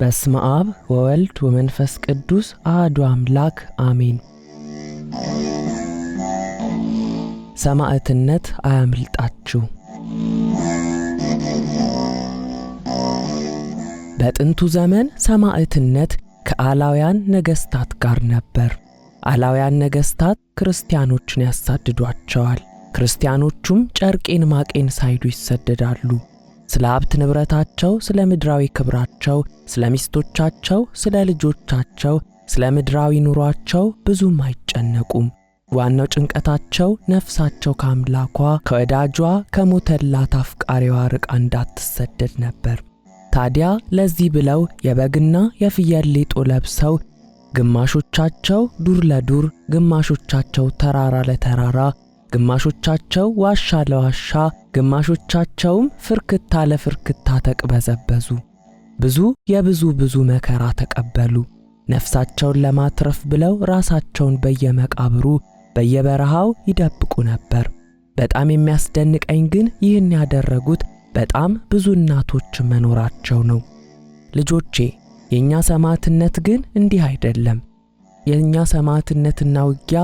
በስመ አብ ወወልድ ወመንፈስ ቅዱስ አሐዱ አምላክ አሜን። ሰማዕትነት አያምልጣችሁ። በጥንቱ ዘመን ሰማዕትነት ከአላውያን ነገሥታት ጋር ነበር። አላውያን ነገሥታት ክርስቲያኖችን ያሳድዷቸዋል። ክርስቲያኖቹም ጨርቄን ማቄን ሳይዱ ይሰደዳሉ። ስለ ሀብት ንብረታቸው፣ ስለ ምድራዊ ክብራቸው፣ ስለ ሚስቶቻቸው፣ ስለ ልጆቻቸው፣ ስለ ምድራዊ ኑሯቸው ብዙም አይጨነቁም። ዋናው ጭንቀታቸው ነፍሳቸው ከአምላኳ ከወዳጇ ከሞተላት አፍቃሪዋ ርቃ እንዳትሰደድ ነበር። ታዲያ ለዚህ ብለው የበግና የፍየል ሌጦ ለብሰው ግማሾቻቸው ዱር ለዱር ግማሾቻቸው ተራራ ለተራራ ግማሾቻቸው ዋሻ ለዋሻ ግማሾቻቸውም ፍርክታ ለፍርክታ ተቅበዘበዙ። ብዙ የብዙ ብዙ መከራ ተቀበሉ። ነፍሳቸውን ለማትረፍ ብለው ራሳቸውን በየመቃብሩ በየበረሃው ይደብቁ ነበር። በጣም የሚያስደንቀኝ ግን ይህን ያደረጉት በጣም ብዙ እናቶች መኖራቸው ነው። ልጆቼ፣ የእኛ ሰማዕትነት ግን እንዲህ አይደለም። የእኛ ሰማዕትነትና ውጊያ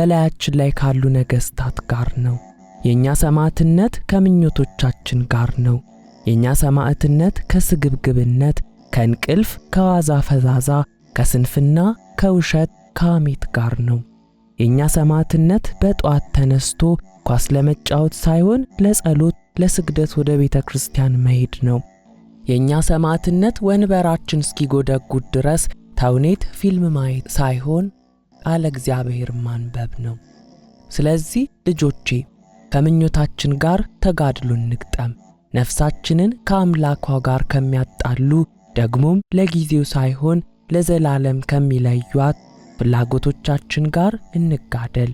በላያችን ላይ ካሉ ነገሥታት ጋር ነው። የእኛ ሰማዕትነት ከምኞቶቻችን ጋር ነው። የእኛ ሰማዕትነት ከስግብግብነት፣ ከእንቅልፍ፣ ከዋዛ ፈዛዛ፣ ከስንፍና፣ ከውሸት፣ ከአሜት ጋር ነው። የእኛ ሰማዕትነት በጠዋት ተነስቶ ኳስ ለመጫወት ሳይሆን ለጸሎት፣ ለስግደት ወደ ቤተ ክርስቲያን መሄድ ነው። የእኛ ሰማዕትነት ወንበራችን እስኪጎደጉድ ድረስ ተውኔት ፊልም ማየት ሳይሆን ቃለ እግዚአብሔር ማንበብ ነው። ስለዚህ ልጆቼ ከምኞታችን ጋር ተጋድሎ እንግጠም። ነፍሳችንን ከአምላኳ ጋር ከሚያጣሉ ደግሞም ለጊዜው ሳይሆን ለዘላለም ከሚለዩት ፍላጎቶቻችን ጋር እንጋደል።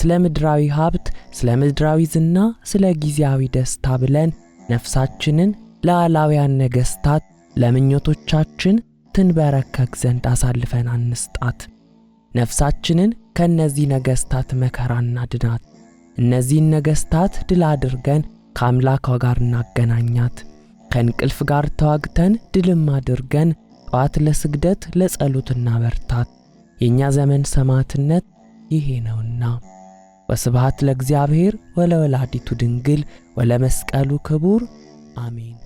ስለ ምድራዊ ሀብት፣ ስለ ምድራዊ ዝና፣ ስለ ጊዜያዊ ደስታ ብለን ነፍሳችንን ለአላውያን ነገሥታት ለምኞቶቻችን ትንበረከክ ዘንድ አሳልፈን አንስጣት። ነፍሳችንን ከእነዚህ ነገሥታት መከራና ድናት። እነዚህን ነገሥታት ድል አድርገን ከአምላኳ ጋር እናገናኛት። ከእንቅልፍ ጋር ተዋግተን ድልም አድርገን ጠዋት ለስግደት ለጸሎት እናበርታት። የእኛ ዘመን ሰማዕትነት ይሄ ነውና። ወስብሐት ለእግዚአብሔር ወለወላዲቱ ድንግል ወለመስቀሉ ክቡር አሜን።